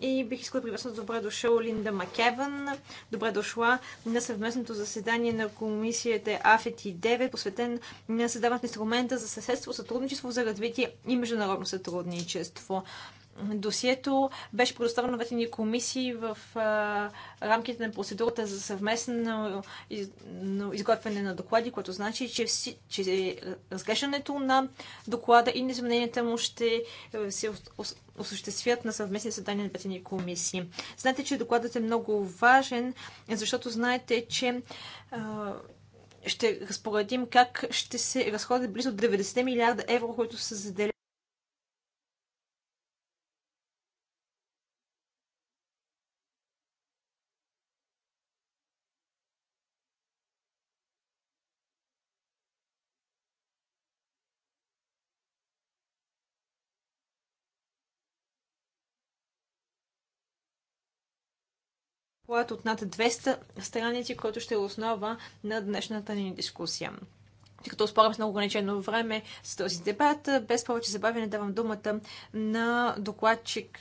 И бих искала да приветствам добре дошъл Линда Макеван. Добре дошла на съвместното заседание на комисията АФЕТ и 9, посветен на създаването на инструмента за съседство, сътрудничество за развитие и международно сътрудничество досието беше предоставено на ветени комисии в а, рамките на процедурата за съвместно из, изготвяне на доклади, което значи, че, че разглеждането на доклада и изменението му ще е, се осъществят на съвместни съдания на ветени комисии. Знаете, че докладът е много важен, защото знаете, че а, ще разпоредим как ще се разходят близо 90 милиарда евро, които са заделят доклад от над 200 страници, който ще е основа на днешната ни дискусия. Тъй като спорим с много ограничено време с този дебат, без повече забавяне давам думата на докладчик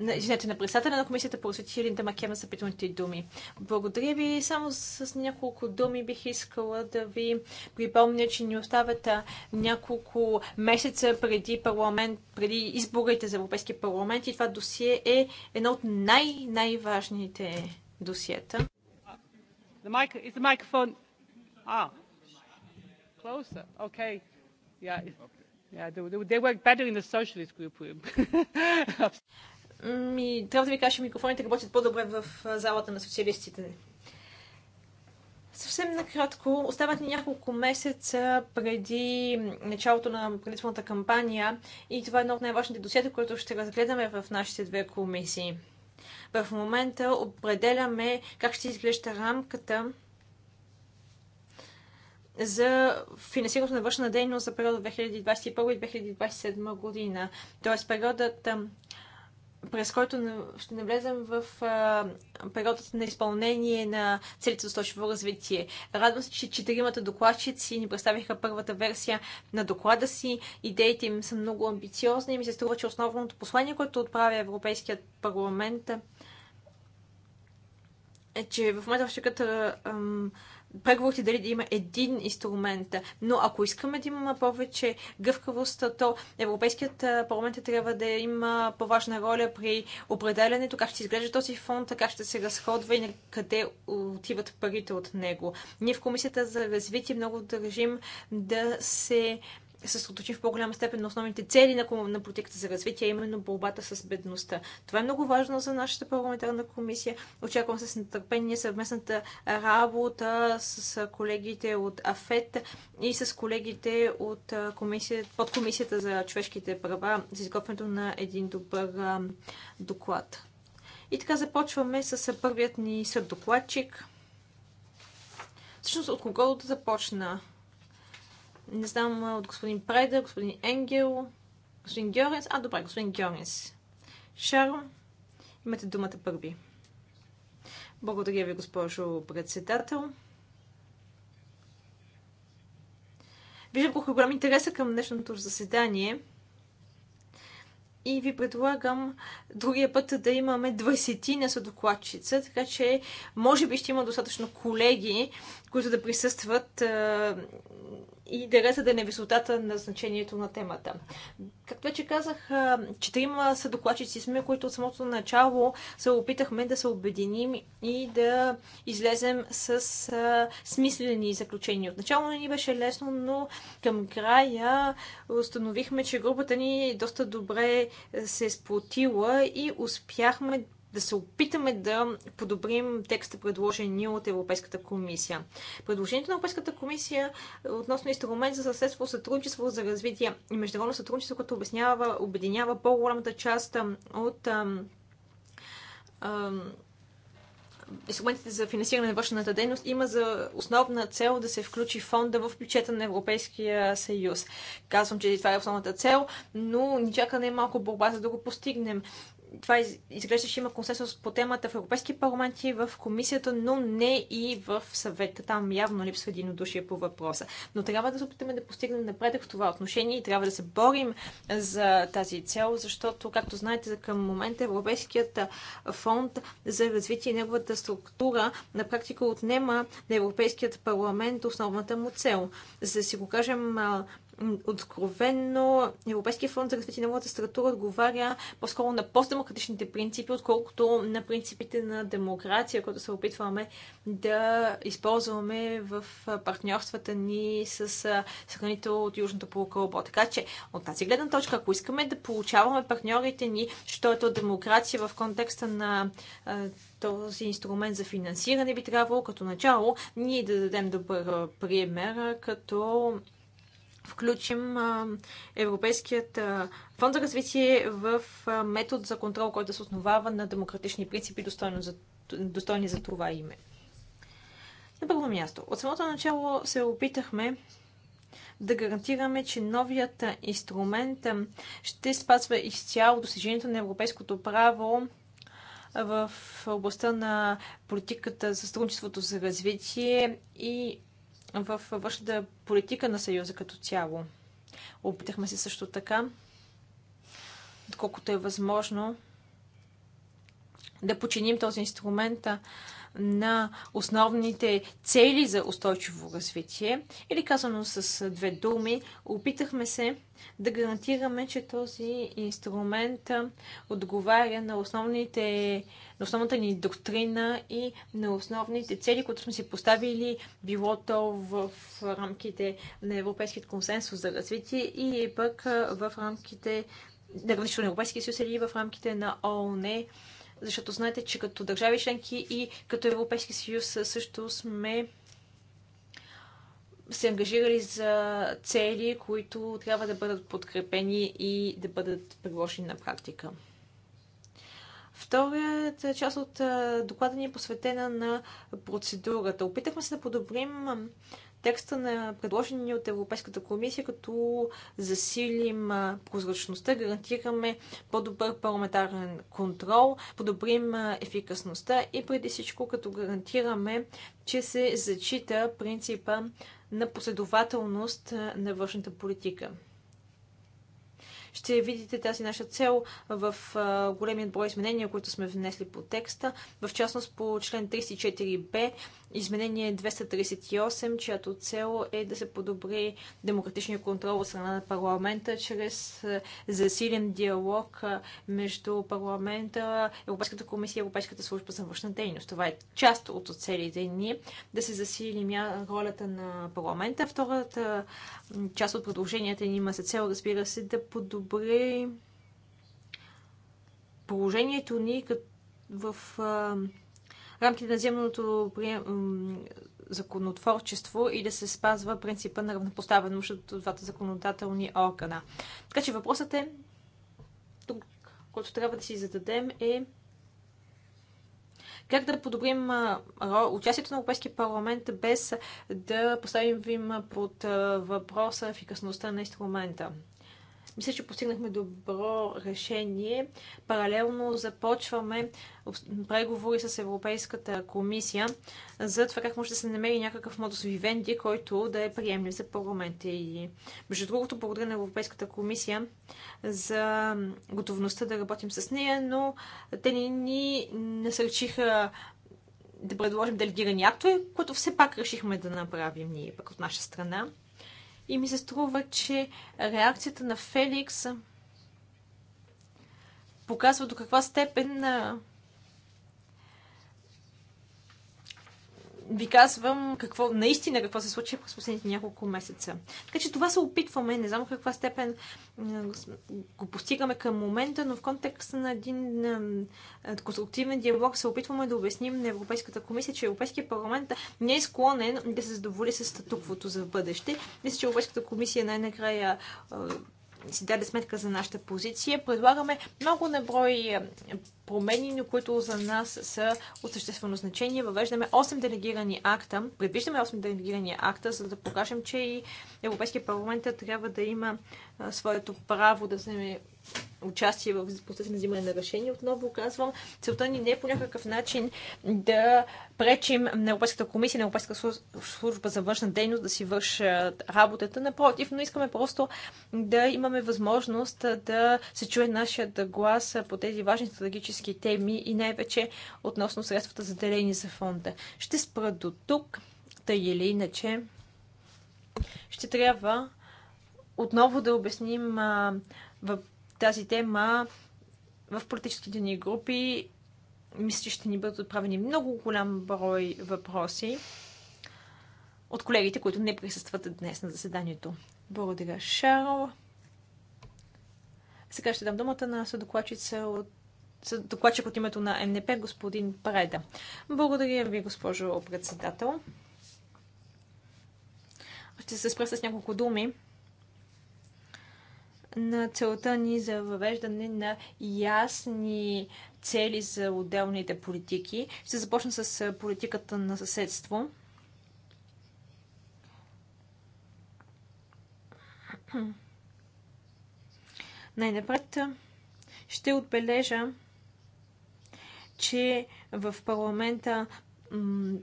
извинете, на председателя на комисията по освети Линда Макема са питаните думи. Благодаря ви. Само с няколко думи бих искала да ви припомня, че ни остават няколко месеца преди парламент, преди изборите за Европейския парламент и това досие е едно от най-най-важните досиета. The mic, is the microphone? Ah, closer. Okay. Yeah. Yeah, they, they work better in the socialist group. Ми, трябва да ви кажа, микрофоните работят по-добре в залата на социалистите. Съвсем накратко, остават ни няколко месеца преди началото на предизборната кампания и това е едно от най-важните досиета, което ще разгледаме в нашите две комисии. В момента определяме как ще изглежда рамката за финансирането на външна дейност за периода 2021 и 2027 година. Тоест периодът през който ще навлезем в а, периодът на изпълнение на целите за устойчиво развитие. Радвам се, че четиримата докладчици ни представиха първата версия на доклада си. Идеите им са много амбициозни и ми се струва, че основното послание, което отправя Европейският парламент е, че в момента в щеката преговорите дали да има един инструмент. Но ако искаме да имаме повече гъвкавост, то Европейският парламент трябва да има по-важна роля при определенето как ще изглежда този фонд, как ще се разходва и на къде отиват парите от него. Ние в Комисията за развитие много държим да се е се съсредоточи в по-голяма степен на основните цели на, на политиката за развитие, именно борбата с бедността. Това е много важно за нашата парламентарна комисия. Очаквам с нетърпение съвместната работа с колегите от АФЕТ и с колегите от комисия, под комисията за човешките права за изготвянето на един добър доклад. И така започваме с първият ни съддокладчик. Всъщност от кого да започна? Не знам от господин Прайда, господин Енгел, господин Георгенс. А, добре, господин Георгенс. Шаро, имате думата първи. Благодаря ви, госпожо председател. Виждам колко е голям интереса към днешното заседание и ви предлагам другия път да имаме 20 на съдокладчица, така че може би ще има достатъчно колеги, които да присъстват и да разсъде на висотата на значението на темата. Както вече казах, че има са докладчици сме, които от самото начало се опитахме да се обединим и да излезем с смислени заключения. Отначало не ни беше лесно, но към края установихме, че групата ни доста добре се е сплотила и успяхме да се опитаме да подобрим текста, предложен ни от Европейската комисия. Предложението на Европейската комисия относно инструмент за съседство, сътрудничество за развитие и международно сътрудничество, което обяснява, обединява по-голямата част от инструментите за финансиране на външната дейност има за основна цел да се включи фонда в бюджета на Европейския съюз. Казвам, че това е основната цел, но ни чака не малко борба, за да го постигнем това изглежда, че има консенсус по темата в Европейски парламент и в комисията, но не и в съвета. Там явно липсва единодушие по въпроса. Но трябва да се опитаме да постигнем напредък в това отношение и трябва да се борим за тази цел, защото, както знаете, към момента Европейският фонд за развитие и неговата структура на практика отнема на Европейският парламент основната му цел. За да си го кажем откровенно Европейския фонд за развитие на новата структура отговаря по-скоро на постдемократичните принципи, отколкото на принципите на демокрация, които се опитваме да използваме в партньорствата ни с страните от Южното полукълбо. Така че от тази гледна точка, ако искаме да получаваме партньорите ни, що е то демокрация в контекста на този инструмент за финансиране би трябвало като начало ние да дадем добър пример, като включим Европейският фонд за развитие в метод за контрол, който се основава на демократични принципи, достойни за, достойни за това име. На първо място, от самото начало се опитахме да гарантираме, че новият инструмент ще спазва изцяло достижението на европейското право в областта на политиката за сътрудничеството за развитие и в външната политика на Съюза като цяло. Опитахме се също така, доколкото е възможно, да починим този инструмент на основните цели за устойчиво развитие. Или казано с две думи, опитахме се да гарантираме, че този инструмент отговаря на, основните, на основната ни доктрина и на основните цели, които сме си поставили, било то в рамките на Европейския консенсус за развитие и пък в рамките на на Европейския съюз или в рамките на ООН защото знаете, че като държави членки и като Европейски съюз също сме се ангажирали за цели, които трябва да бъдат подкрепени и да бъдат приложени на практика. Втората част от доклада ни е посветена на процедурата. Опитахме се да подобрим текста на предложени от Европейската комисия, като засилим прозрачността, гарантираме по-добър парламентарен контрол, подобрим ефикасността и преди всичко като гарантираме, че се зачита принципа на последователност на външната политика ще видите тази наша цел в големият брой изменения, които сме внесли по текста, в частност по член 34б, изменение 238, чиято цел е да се подобри демократичния контрол от страна на парламента чрез засилен диалог между парламента, Европейската комисия и Европейската служба за външна дейност. Това е част от целите ни да се засили ролята на парламента. Втората част от предложенията ни има за цел, разбира се, да подобри добре положението ни в рамките на земното законотворчество и да се спазва принципа на равнопоставеност от двата законодателни органа. Така че въпросът е, тук, който трябва да си зададем е как да подобрим участието на Европейския парламент без да поставим вим под въпроса ефикасността на инструмента. Мисля, че постигнахме добро решение. Паралелно започваме преговори с Европейската комисия за това как може да се намери някакъв модус вивенди, който да е приемлив за парламента. И между другото, благодаря на Европейската комисия за готовността да работим с нея, но те ни, ни насърчиха да предложим делегирани актове, което все пак решихме да направим ние пък от наша страна и ми се струва, че реакцията на Феликс показва до каква степен ви казвам какво, наистина какво се случи през последните няколко месеца. Така че това се опитваме, не знам в каква степен го постигаме към момента, но в контекста на един конструктивен диалог се опитваме да обясним на Европейската комисия, че Европейския парламент не е склонен да се задоволи с статуквото за бъдеще. Мисля, че Европейската комисия най-накрая си даде сметка за нашата позиция. Предлагаме много наброи е, промени, но които за нас са от съществено значение. Въвеждаме 8 делегирани акта, предвиждаме 8 делегирани акта, за да покажем, че и Европейския парламент трябва да има е, своето право да вземе участие в процеса на взимане на решение. Отново казвам, целта ни не е по някакъв начин да пречим на Европейската комисия, на Европейската служба за външна дейност да си вършат работата. Напротив, но искаме просто да имаме възможност да се чуе нашият глас по тези важни стратегически теми и най-вече относно средствата заделени за фонда. Ще спра до тук, тъй или иначе. Ще трябва отново да обясним тази тема в политическите ни групи. Мисля, че ще ни бъдат отправени много голям брой въпроси от колегите, които не присъстват днес на заседанието. Благодаря, Шарл. Сега ще дам думата на съдокладчица от докладчик от името на МНП, господин Преда. Благодаря ви, госпожо председател. Ще се спра с няколко думи на целта ни за въвеждане на ясни цели за отделните политики. Ще започна с политиката на съседство. Най-напред ще отбележа, че в парламента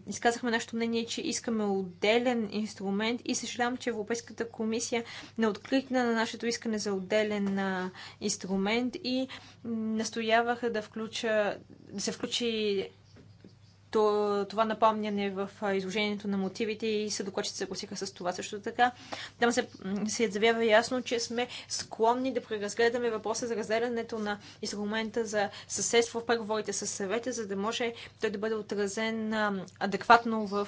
изказахме нашето мнение, че искаме отделен инструмент и съжалявам, че Европейската комисия не откликна на нашето искане за отделен инструмент и настояваха да, включа, да се включи това напомняне в изложението на мотивите и съдокочите се гласиха с това също така. Там се, се завява ясно, че сме склонни да преразгледаме въпроса за разделянето на инструмента за съседство в преговорите с съвета, за да може той да бъде отразен адекватно в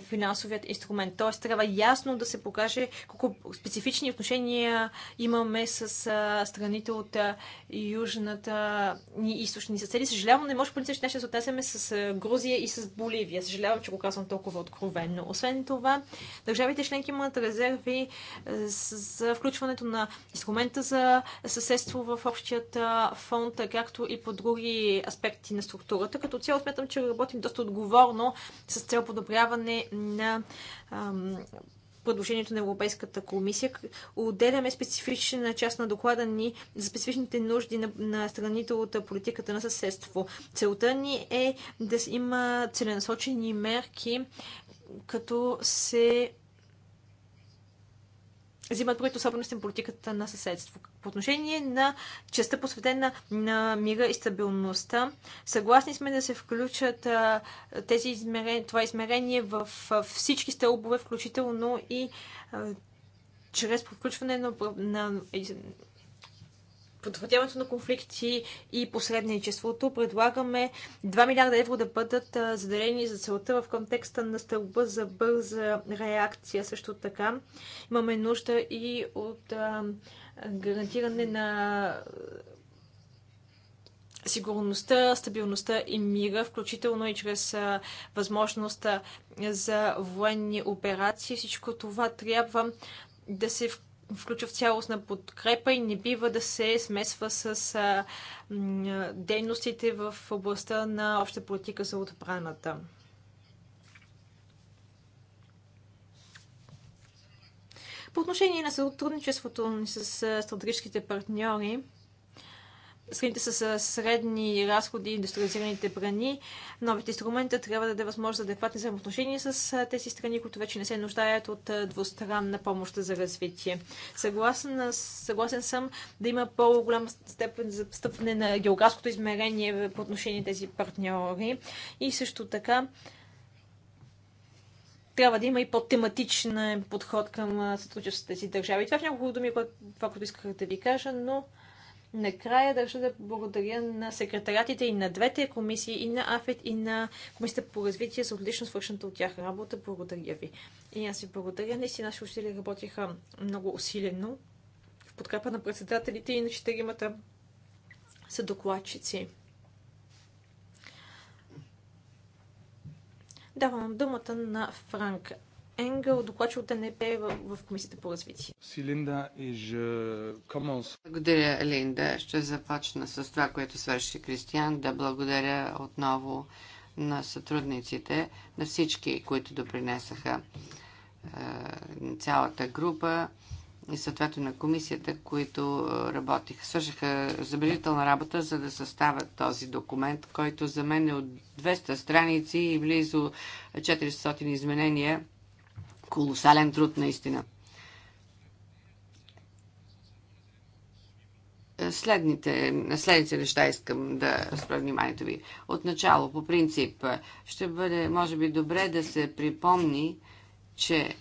финансовият инструмент. Т.е. трябва ясно да се покаже колко специфични отношения имаме с страните от южната ни източни съседи. Съжалявам, не може по че начин да се отнесеме с Грузия и с Боливия. Съжалявам, че го казвам толкова откровенно. Освен това, държавите членки имат резерви за включването на инструмента за съседство в общият фонд, както и по други аспекти на структурата. Като цяло смятам, че работим доста отговорно с цел подобряване прилагане на предложението на Европейската комисия. Отделяме специфична част на доклада ни за специфичните нужди на, на страните от политиката на съседство. Целта ни е да има целенасочени мерки, като се взимат пред особености на политиката на съседство. По отношение на частта посветена на мира и стабилността, съгласни сме да се включат тези измерения, това измерение в всички стълбове, включително и чрез подключване на, на предотвратяването на конфликти и посредничеството. Предлагаме 2 милиарда евро да бъдат заделени за целта в контекста на стълба за бърза реакция. Също така имаме нужда и от гарантиране на сигурността, стабилността и мира, включително и чрез възможността за военни операции. Всичко това трябва да се включи включва в цялостна подкрепа и не бива да се смесва с а, м, дейностите в областта на обща политика за отбраната. По отношение на сътрудничеството ни с стратегическите партньори, страните с средни разходи индустриализираните брани, новите инструменти трябва да даде възможност за адекватни взаимоотношения с тези страни, които вече не се нуждаят от двустранна помощ за развитие. Съгласен, съгласен съм да има по-голяма степен за стъпне на географското измерение по отношение на тези партньори и също така трябва да има и по-тематичен подход към сътрудничеството с тези държави. Това в е няколко думи, това, което исках да ви кажа, но Накрая държа да благодаря на секретарятите и на двете комисии, и на АФЕТ, и на Комисията по развитие за отлично свършената от тях работа. Благодаря ви. И аз ви благодаря. Наистина, наши усилия работиха много усилено в подкрепа на председателите и на четиримата са докладчици. Давам думата на Франк Енгъл, докладчик от НП в, в Комисията по развитие. Силинда и же... Благодаря, Линда. Ще започна с това, което свърши Кристиан. Да благодаря отново на сътрудниците, на всички, които допринесаха е, цялата група и съответно на комисията, които е, работиха, свършиха забележителна работа, за да съставят този документ, който за мен е от 200 страници и близо 400 изменения колосален труд наистина. Следните, следните неща искам да спра вниманието ви. Отначало, по принцип, ще бъде, може би, добре да се припомни, че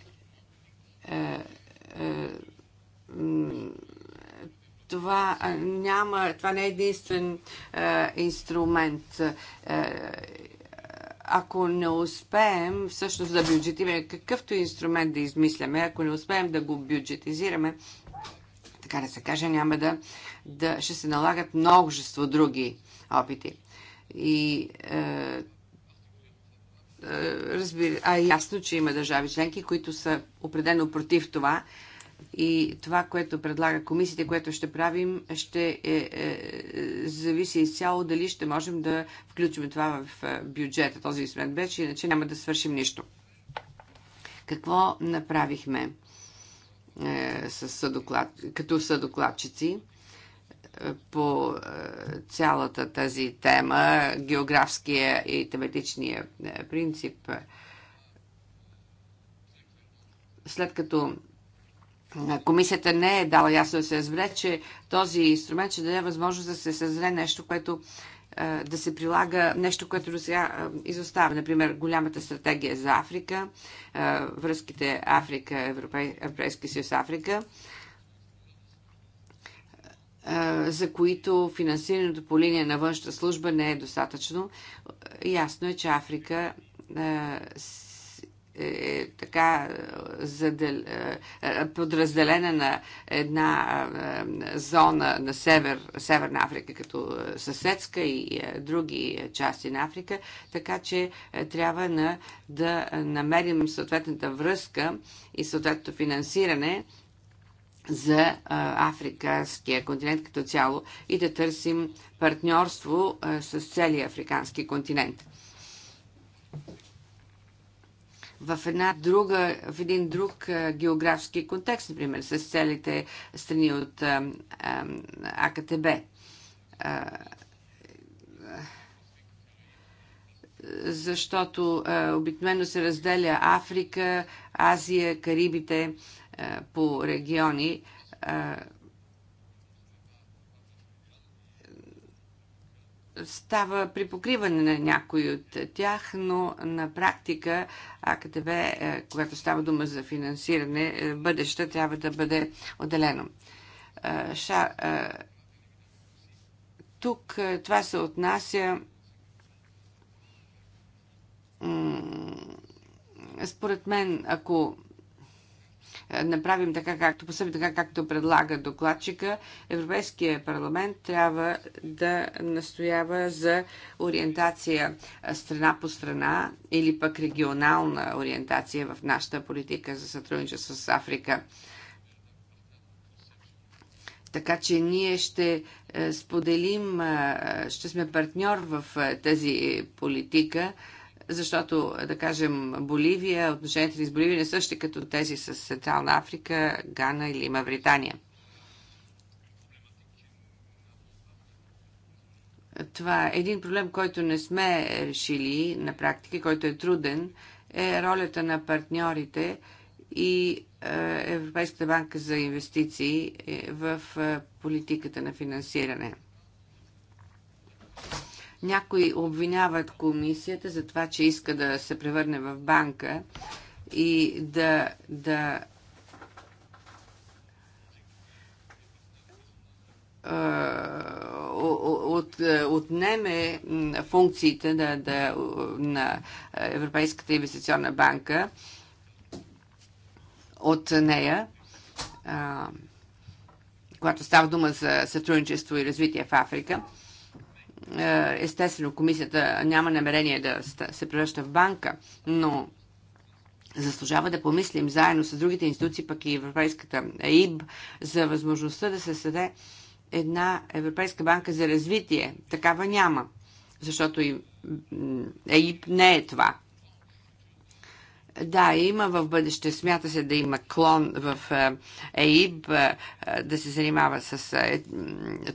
е, е, това няма, това не е единствен е, инструмент. Е, ако не успеем всъщност да бюджетираме какъвто инструмент да измисляме, ако не успеем да го бюджетизираме, така да се каже, няма да, да ще се налагат множество други опити. И е, е, разбира, а е ясно, че има държави членки, които са определено против това, и това, което предлага комисията, което ще правим, ще е, е, зависи изцяло дали ще можем да включим това в е, бюджета, този инструмент вече, иначе няма да свършим нищо. Какво направихме е, с съдоклад, като съдокладчици? Е, по е, цялата тази тема, географския и тематичния принцип. След като Комисията не е дала ясно да се разбере, че този инструмент ще даде възможност да се създаде нещо, което е, да се прилага нещо, което до сега е, изостава. Например, голямата стратегия за Африка, е, връзките Африка, Европейски съюз Африка, за които финансирането по линия на външната служба не е достатъчно. Ясно е, че Африка е, е така е, задел, е, подразделена на една зона на север, Северна Африка, като съседска и други части на Африка, така че трябва на, да намерим съответната връзка и съответното финансиране за африканския континент като цяло и да търсим партньорство с целия африкански континент в, една друга, в един друг географски контекст, например, с целите страни от АКТБ защото обикновено се разделя Африка, Азия, Карибите по региони. става при покриване на някои от тях, но на практика АКТВ, е, когато става дума за финансиране, е, бъдеще трябва да бъде отделено. Е, ша, тук това се отнася според мен, ако е, направим така, както посъби, така, както предлага докладчика, Европейския парламент трябва да настоява за ориентация страна по страна или пък регионална ориентация в нашата политика за сътрудничество с Африка. Така че ние ще е, споделим, е, ще сме партньор в тази политика защото, да кажем, Боливия, отношенията ни с Боливия не са същи като тези с Централна Африка, Гана или Мавритания. Това е един проблем, който не сме решили на практика, който е труден, е ролята на партньорите и е, Европейската банка за инвестиции е, в е, политиката на финансиране – някои обвиняват комисията за това, че иска да се превърне в банка и да, да от, е, отнеме функциите на, да, на Европейската инвестиционна банка от нея, когато става дума за сътрудничество и развитие в Африка. Е, естествено, комисията няма намерение да се превръща в банка, но заслужава да помислим заедно с другите институции, пък и Европейската ЕИБ, за възможността да се съде една Европейска банка за развитие. Такава няма, защото и ЕИБ не е това. Да, има в бъдеще, смята се да има клон в е, ЕИБ, е, да се занимава с е,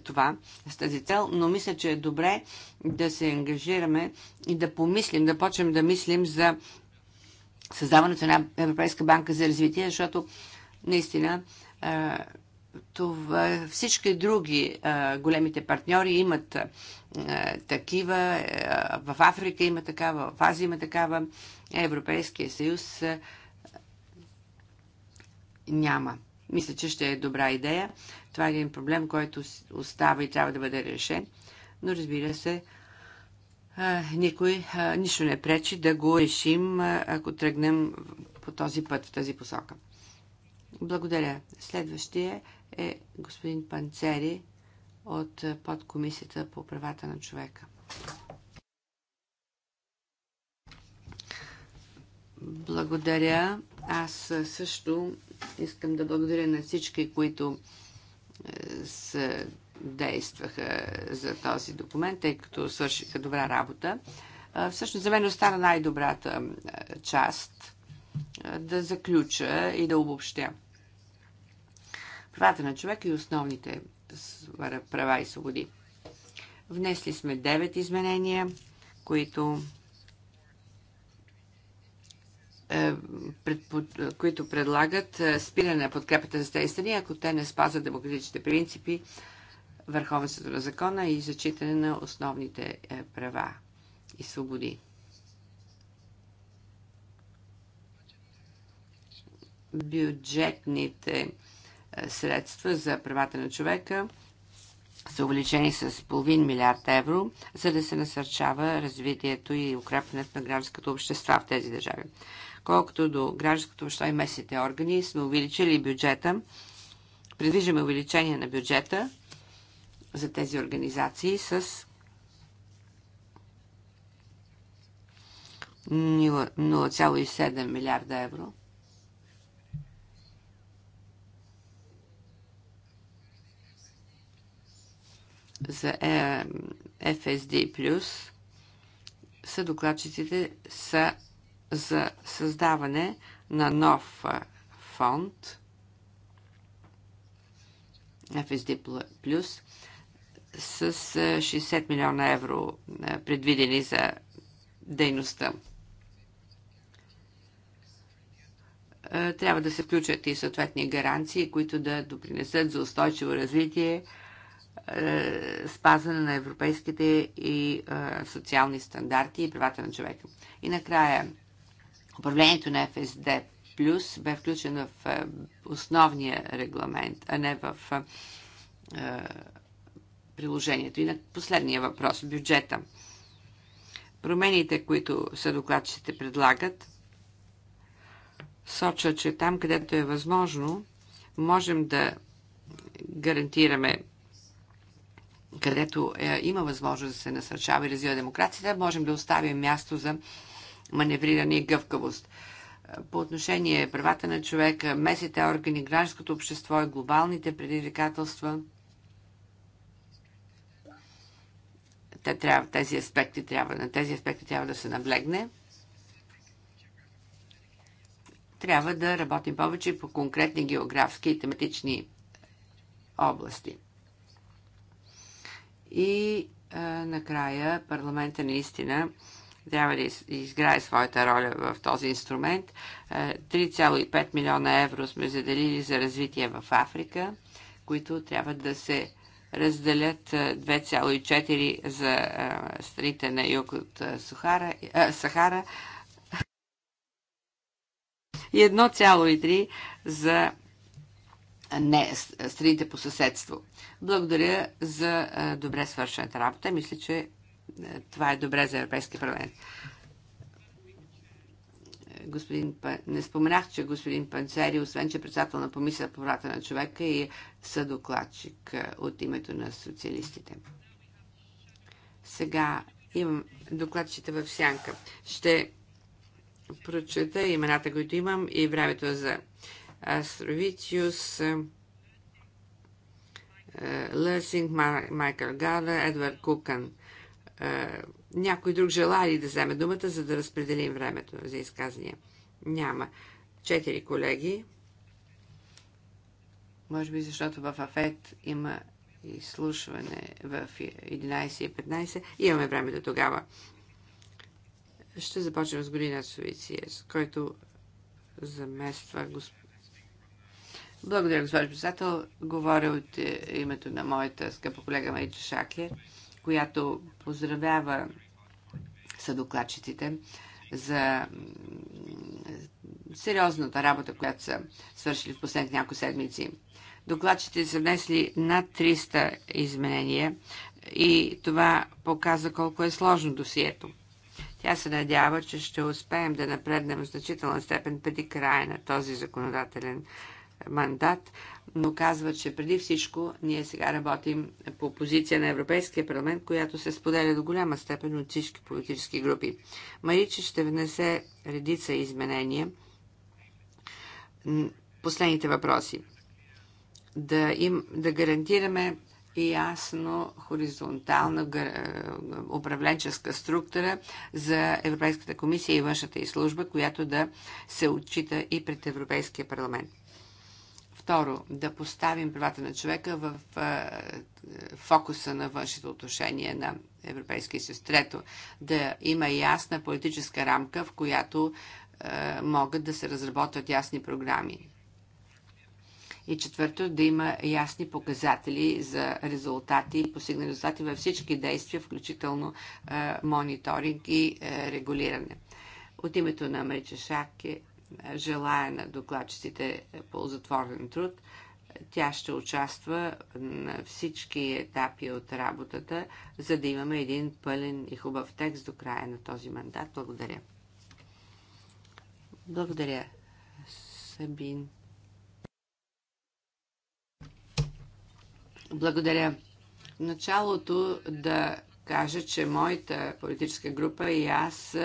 това, с тази цел, но мисля, че е добре да се ангажираме и да помислим, да почнем да мислим за създаването на Европейска банка за развитие, защото наистина това, е, всички други а, големите партньори имат а, такива. А, в Африка има такава, в Азия има такава. Европейския съюз а, няма. Мисля, че ще е добра идея. Това е един проблем, който остава и трябва да бъде решен. Но разбира се, а, никой, а, нищо не пречи да го решим, а, ако тръгнем по този път, в тази посока. Благодаря. Следващия е е господин Панцери от подкомисията по правата на човека. Благодаря. Аз също искам да благодаря на всички, които е, са действаха за този документ, тъй като свършиха добра работа. Е, всъщност за мен остана най-добрата е, част да заключа и да обобщя правата на човека и основните права и свободи. Внесли сме 9 изменения, които е, които предлагат е, спиране на подкрепата за тези страни, ако те не спазват демократичните принципи, върховенството на закона и зачитане на основните е, права и свободи. Бюджетните средства за правата на човека са увеличени с половин милиард евро, за да се насърчава развитието и укрепването на гражданското общество в тези държави. Колкото до гражданското общество и местните органи, сме увеличили бюджета, предвиждаме увеличение на бюджета за тези организации с 0,7 милиарда евро. за е, FSD+, са докладчиците са за създаване на нов фонд FSD+, с 60 милиона евро предвидени за дейността. Трябва да се включат и съответни гаранции, които да допринесат за устойчиво развитие е, спазване на европейските и е, социални стандарти и правата на човека. И накрая, управлението на ФСД плюс бе включено в е, основния регламент, а не в приложението. И на последния въпрос бюджета. Промените, които съдокладчите предлагат, сочат, че там, където е възможно, можем да гарантираме където е, има възможност да се насърчава и развива демокрацията, можем да оставим място за маневриране и гъвкавост. По отношение правата на човека, местните органи, гражданското общество и глобалните предизвикателства, те трябва, тези аспекти трябва, на тези аспекти трябва да се наблегне. Трябва да работим повече по конкретни географски и тематични области. И накрая парламента наистина трябва да изграе своята роля в този инструмент. 3,5 милиона евро сме заделили за развитие в Африка, които трябва да се разделят 2,4 за страните на юг от Сахара, Сахара и 1,3 за не страните по съседство. Благодаря за добре свършената работа. Мисля, че това е добре за Европейския парламент. Господин, не споменах, че господин Панцери, освен че е председател на помисля по врата на човека и е съдокладчик от името на социалистите. Сега имам докладчите в сянка. Ще прочета имената, които имам и времето е за Астровитиус, Лърсинг, Майкъл Гала, Едвард Кукън. Някой друг желая ли да вземе думата, за да разпределим времето за изказания? Няма. Четири колеги. Може би защото в Афет има изслушване в 11.15. Имаме време до тогава. Ще започнем с Година Суициес, който замества госп... Благодаря, госпожо председател. Говоря от е, името на моята скъпа колега Майча Шаке, която поздравява съдокладчиците за сериозната работа, която са свършили в последните няколко седмици. Докладчите са внесли над 300 изменения и това показва колко е сложно досието. Тя се надява, че ще успеем да напреднем в значителна степен преди края на този законодателен мандат, но казва, че преди всичко ние сега работим по позиция на Европейския парламент, която се споделя до голяма степен от всички политически групи. Марича ще внесе редица изменения. Последните въпроси. Да, им, да гарантираме и ясно хоризонтална е, управленческа структура за Европейската комисия и външната и служба, която да се отчита и пред Европейския парламент. Второ, да поставим правата на човека в фокуса на външните отношения на Европейския съюз. Трето, да има ясна политическа рамка, в която могат да се разработват ясни програми. И четвърто, да има ясни показатели за резултати, постигнали резултати във всички действия, включително мониторинг и регулиране. От името на Мечешаке Желая на докладчиците затворен труд. Тя ще участва на всички етапи от работата, за да имаме един пълен и хубав текст до края на този мандат. Благодаря. Благодаря, Сабин. Благодаря. началото да кажа, че моята политическа група и аз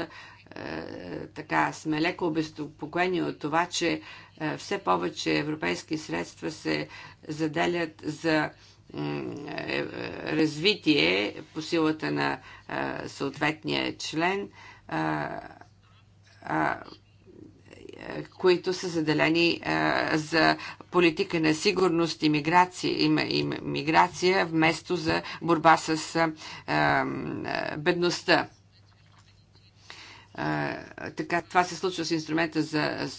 е, така сме леко обезпокоени от това, че е, все повече европейски средства се заделят за е, развитие по силата на съответния член, които са заделени за политика на сигурност и миграция, вместо за борба с бедността така, това се случва с инструмента за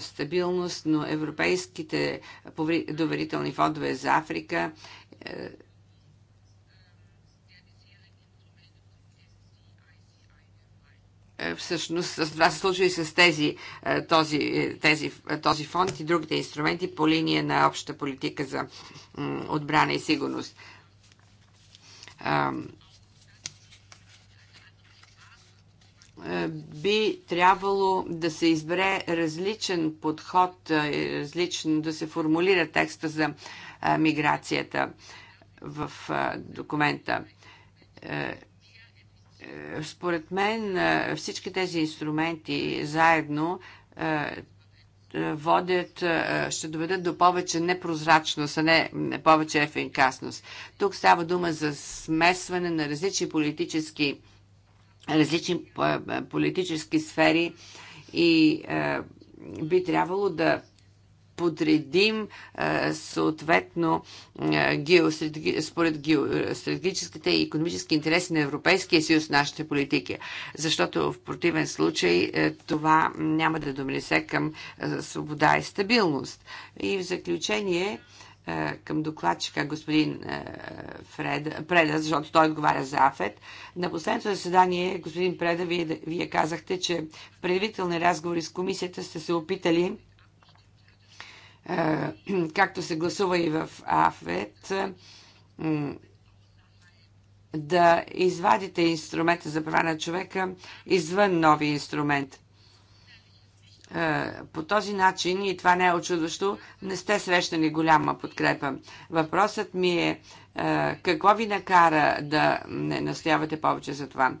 стабилност, но европейските доверителни фондове за Африка всъщност с това се случва и с тези, този, тези, този фонд и другите инструменти по линия на общата политика за отбрана и сигурност. Е, би трябвало да се избере различен подход, е, различно да се формулира текста за е, миграцията в документа. Според мен всички тези инструменти заедно водят, ще доведат до повече непрозрачност, а не повече ефикасност. Тук става дума за смесване на различни политически различни политически сфери и би трябвало да подредим съответно според геостратегическите и економически интереси на Европейския съюз нашите политики. Защото в противен случай това няма да доминесе към свобода и стабилност. И в заключение е, към докладчика господин е, Фред, Преда, защото той отговаря за АФЕТ. На последното заседание, господин Преда, вие, вие казахте, че в предварителни разговори с комисията сте се опитали, е, както се гласува и в АФЕТ, да извадите инструмента за права на човека извън нови инструмент. Е, по този начин, и това не е очудващо, не сте срещнали голяма подкрепа. Въпросът ми е, е какво ви накара да не настоявате повече за това?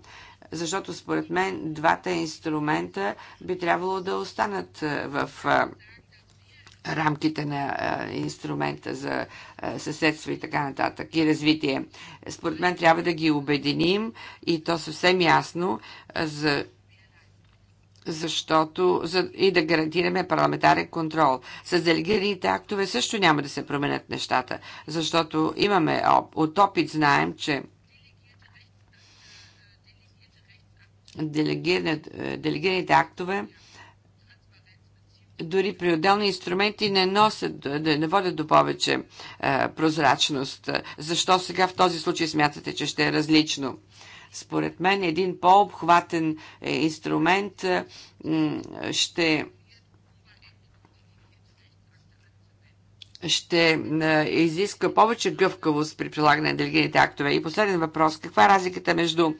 Защото според мен двата инструмента би трябвало да останат е, в рамките на инструмента за съседство и така нататък и развитие. Според мен трябва да ги обединим и то съвсем ясно, за защото за, и да гарантираме парламентарен контрол. С делегираните актове също няма да се променят нещата, защото имаме от опит знаем, че е, делегираните актове дори при отделни инструменти не носят, не водят до повече е, прозрачност. Защо сега в този случай смятате, че ще е различно? Е, според мен един по-обхватен е, инструмент е, ще ще изиска повече гъвкавост при прилагане на делегираните актове. И последен въпрос. Каква е разликата между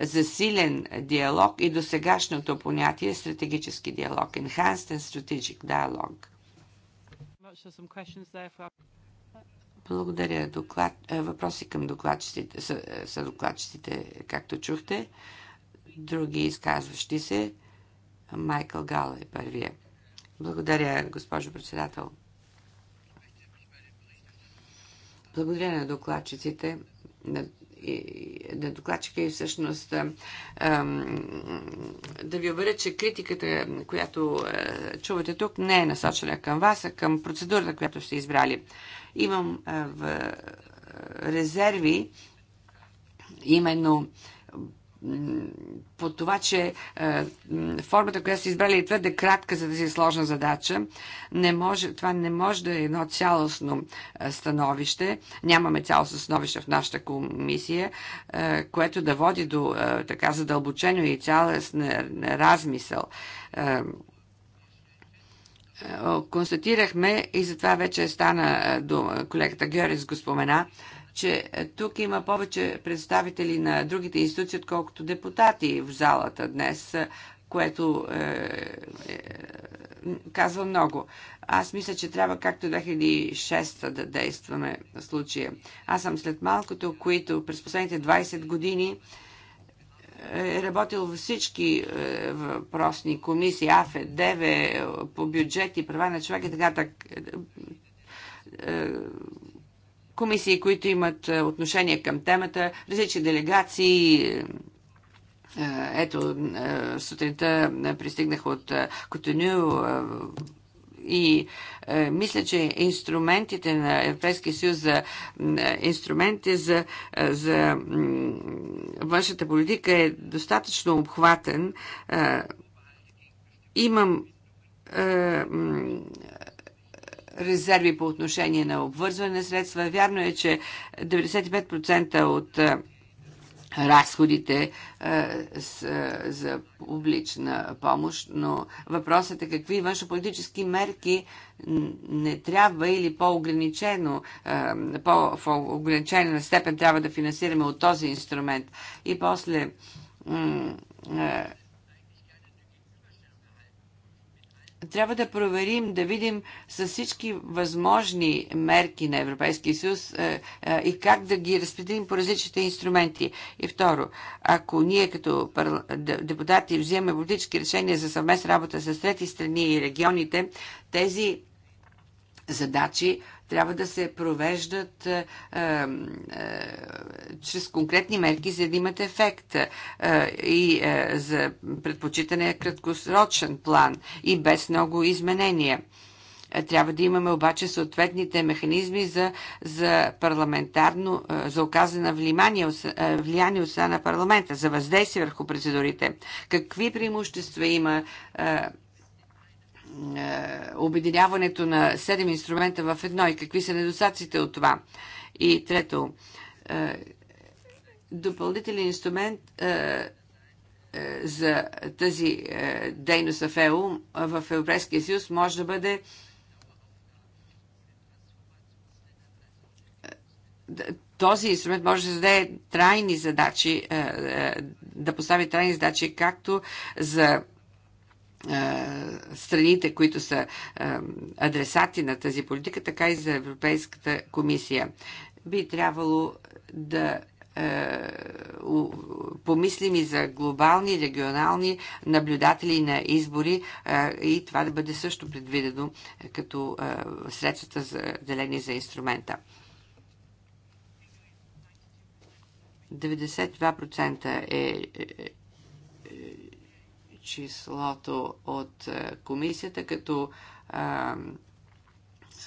засилен диалог и досегашното понятие стратегически диалог? Enhanced and strategic dialogue. Благодаря. Доклад, е, въпроси към докладчиците, са, е, са докладчиците, както чухте. Други изказващи се. Майкъл Гала е първия. Благодаря, госпожо председател. Благодаря на докладчиците, на на докладчика и всъщност да ви уверя, че критиката, която е, чувате тук, не е насочена към вас, а към процедурата, която сте избрали. Имам е, в е, резерви именно по това, че е, формата, която са избрали е твърде кратка за тази е сложна задача. Не може, това не може да е едно цялостно е, становище. Нямаме цялостно становище в нашата комисия, е, което да води до е, така задълбочено и цялостен размисъл. Е, е констатирахме и затова вече стана до колегата Георис го спомена, че е, тук има повече представители на другите институции, отколкото депутати в залата днес, е, което е, е, казва много. Аз мисля, че трябва както 2006 да действаме в случая. Аз съм след малкото, които през последните 20 години е, е работил във всички въпросни комисии, АФЕ, ДЕВЕ, по бюджет и права на човека и така, така комисии, които имат е, отношение към темата, различни делегации, е, е, ето, сутринта пристигнах от Котоню и мисля, че инструментите на Европейския съюз за инструментите за, за външната политика е достатъчно обхватен. Имам резерви по отношение на обвързване на средства. Вярно е, че 95% от е, разходите е, е, за публична помощ, но въпросът е какви външополитически мерки не трябва или по-ограничено, по-ограничена степен трябва да финансираме от този инструмент. И после трябва да проверим, да видим с всички възможни мерки на Европейския съюз е, е, и как да ги разпределим по различните инструменти. И второ, ако ние като депутати вземем политически решения за съвместна работа с трети страни и регионите, тези задачи трябва да се провеждат е, е, е, чрез конкретни мерки, за да имат ефект е, и е, за предпочитане краткосрочен план и без много изменения. Е, трябва да имаме обаче съответните механизми за, за парламентарно, е, за оказане на влияние, влияние от страна на парламента, за въздействие върху процедурите. Какви преимущества има е, обединяването на седем инструмента в едно и какви са недостатъците от това. И трето, е, допълнителен инструмент е, за тази дейност в ЕУ в Европейския съюз може да бъде този инструмент може да зададе трайни задачи, да постави трайни задачи както за страните, които са адресати на тази политика, така и за Европейската комисия. Би трябвало да помислим и за глобални, регионални наблюдатели на избори и това да бъде също предвидено като средствата за делени за инструмента. 92% е, е числото от е, комисията като а,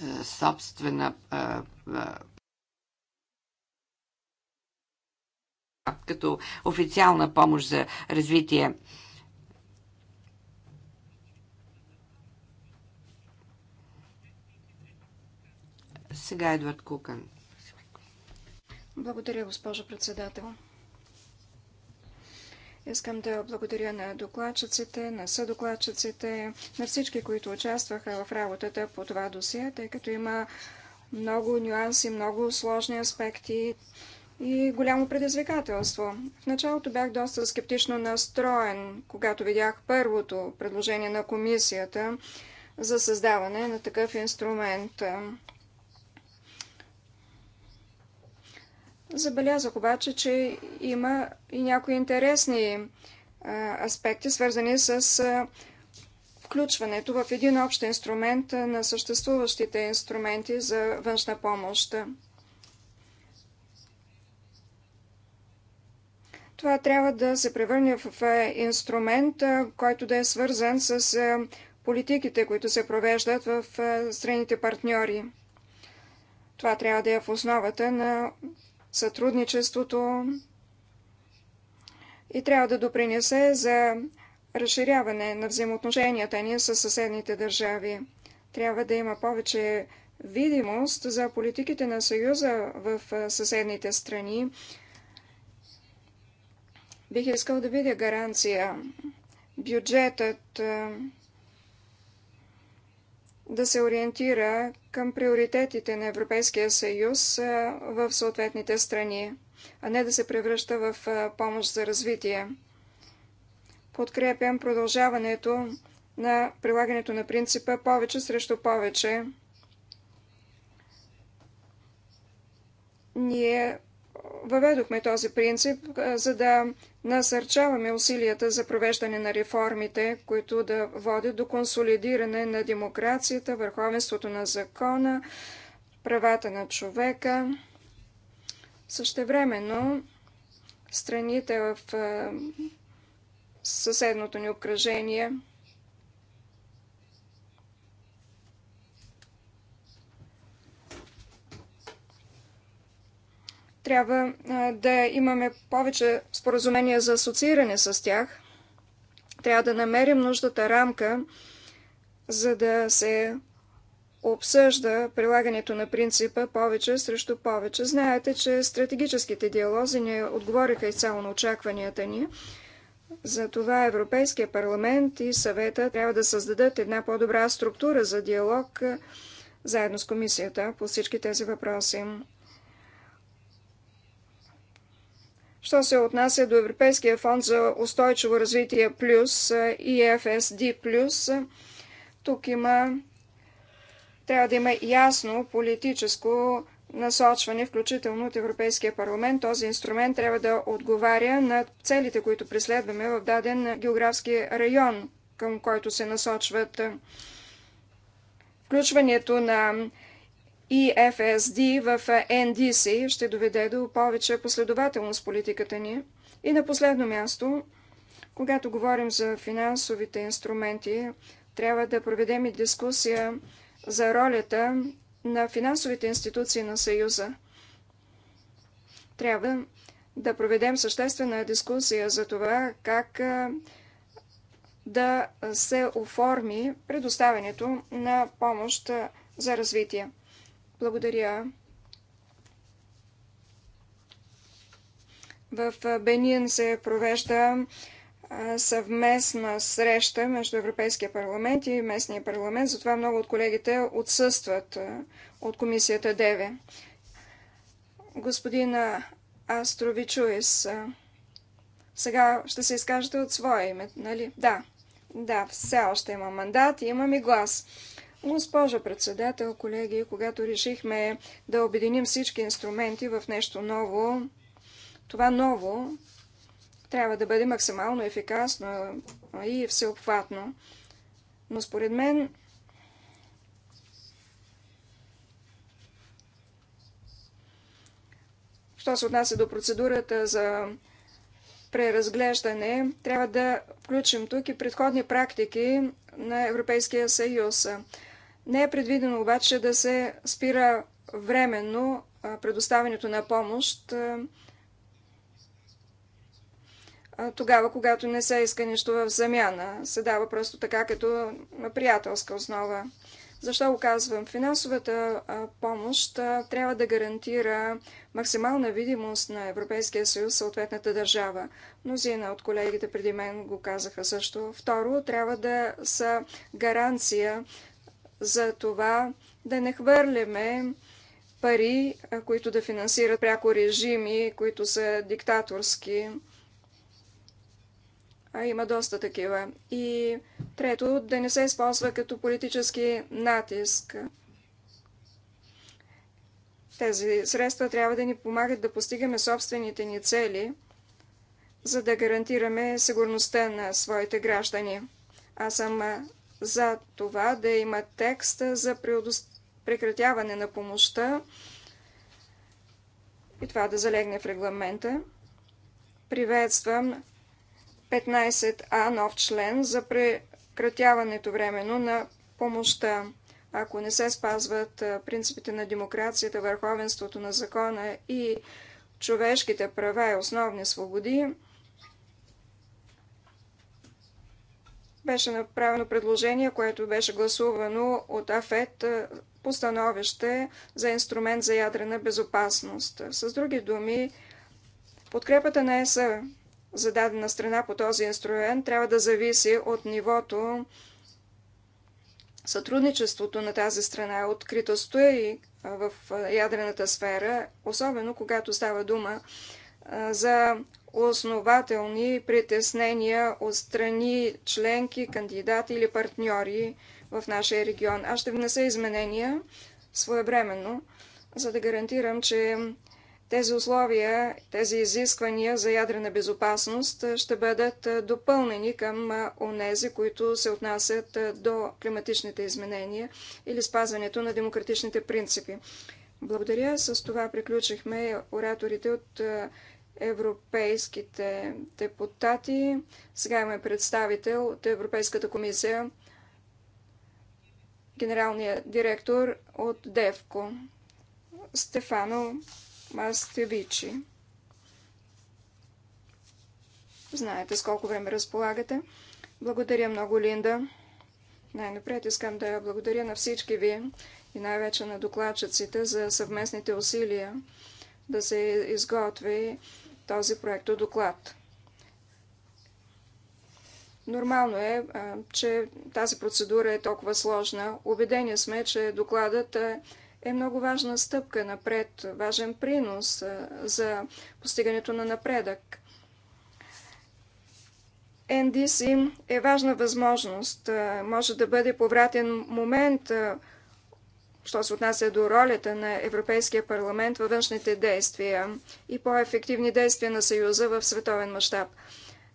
е, е, собствена а, като официална помощ за развитие. Сега Едвард Кукан. Благодаря, госпожо председател. Искам да благодаря на докладчиците, на съдокладчиците, на всички, които участваха в работата по това досие, тъй като има много нюанси, много сложни аспекти и голямо предизвикателство. В началото бях доста скептично настроен, когато видях първото предложение на комисията за създаване на такъв инструмент. Забелязах обаче, че има и някои интересни аспекти, свързани с включването в един общ инструмент на съществуващите инструменти за външна помощ. Това трябва да се превърне в инструмент, който да е свързан с политиките, които се провеждат в страните партньори. Това трябва да е в основата на сътрудничеството и трябва да допринесе за разширяване на взаимоотношенията ни с съседните държави. Трябва да има повече видимост за политиките на Съюза в съседните страни. Бих искал да видя гаранция. Бюджетът да се ориентира към приоритетите на Европейския съюз в съответните страни, а не да се превръща в помощ за развитие. Подкрепям продължаването на прилагането на принципа повече срещу повече. Ние въведохме този принцип, за да Насърчаваме усилията за провеждане на реформите, които да водят до консолидиране на демокрацията, върховенството на закона, правата на човека. Същевременно страните в съседното ни обкръжение – Трябва да имаме повече споразумения за асоцииране с тях. Трябва да намерим нуждата рамка, за да се обсъжда прилагането на принципа повече срещу повече. Знаете, че стратегическите диалози не отговориха изцяло на очакванията ни. Затова Европейския парламент и съвета трябва да създадат една по-добра структура за диалог заедно с комисията по всички тези въпроси. Що се отнася до Европейския фонд за устойчиво развитие плюс и ФСД плюс, тук има трябва да има ясно политическо насочване, включително от Европейския парламент. Този инструмент трябва да отговаря на целите, които преследваме в даден географски район, към който се насочват. Включването на и ФСД в НДС ще доведе до повече последователност политиката ни. И на последно място, когато говорим за финансовите инструменти, трябва да проведем и дискусия за ролята на финансовите институции на Съюза. Трябва да проведем съществена дискусия за това как да се оформи предоставянето на помощ за развитие. Благодаря. В Бенин се провежда съвместна среща между Европейския парламент и местния парламент, затова много от колегите отсъстват от комисията ДЕВЕ. Господин Астровичуис, сега ще се изкажете от своя име, нали? Да, да, все още има мандат и имам и глас. Госпожо председател, колеги, когато решихме да обединим всички инструменти в нещо ново, това ново трябва да бъде максимално ефикасно и всеобхватно. Но според мен Що се отнася до процедурата за преразглеждане, трябва да включим тук и предходни практики на Европейския съюз. Не е предвидено обаче да се спира временно предоставянето на помощ тогава, когато не се иска нищо в замяна. Се дава просто така като на приятелска основа. Защо го казвам? Финансовата помощ трябва да гарантира максимална видимост на Европейския съюз съответната държава. Мнозина от колегите преди мен го казаха също. Второ, трябва да са гаранция за това да не хвърляме пари, които да финансират пряко режими, които са диктаторски. А има доста такива. И трето, да не се използва като политически натиск. Тези средства трябва да ни помагат да постигаме собствените ни цели, за да гарантираме сигурността на своите граждани. Аз съм за това да има текст за прекратяване на помощта и това да залегне в регламента. Приветствам 15А нов член за прекратяването временно на помощта. Ако не се спазват принципите на демокрацията, върховенството на закона и човешките права и основни свободи, Беше направено предложение, което беше гласувано от АФЕТ е, постановище за инструмент за ядрена безопасност. С други думи, подкрепата на ЕС за дадена страна по този инструмент трябва да зависи от нивото сътрудничеството на тази страна, откритостта и е, в е, ядрената сфера, особено когато става дума за основателни притеснения от страни, членки, кандидати или партньори в нашия регион. Аз ще внеса изменения своевременно, за да гарантирам, че тези условия, тези изисквания за ядрена безопасност ще бъдат допълнени към онези, които се отнасят до климатичните изменения или спазването на демократичните принципи. Благодаря. С това приключихме ораторите от европейските депутати. Сега имаме представител от Европейската комисия, генералният директор от ДЕВКО, Стефано Мастевичи. Знаете с колко време разполагате. Благодаря много, Линда. Най-напред искам да благодаря на всички ви и най-вече на докладчиците за съвместните усилия да се изготви този проект доклад. Нормално е, че тази процедура е толкова сложна. Убедени сме, че докладът е много важна стъпка напред, важен принос за постигането на напредък. NDC е важна възможност, може да бъде повратен момент що се отнася до ролята на Европейския парламент във външните действия и по-ефективни действия на Съюза в световен мащаб.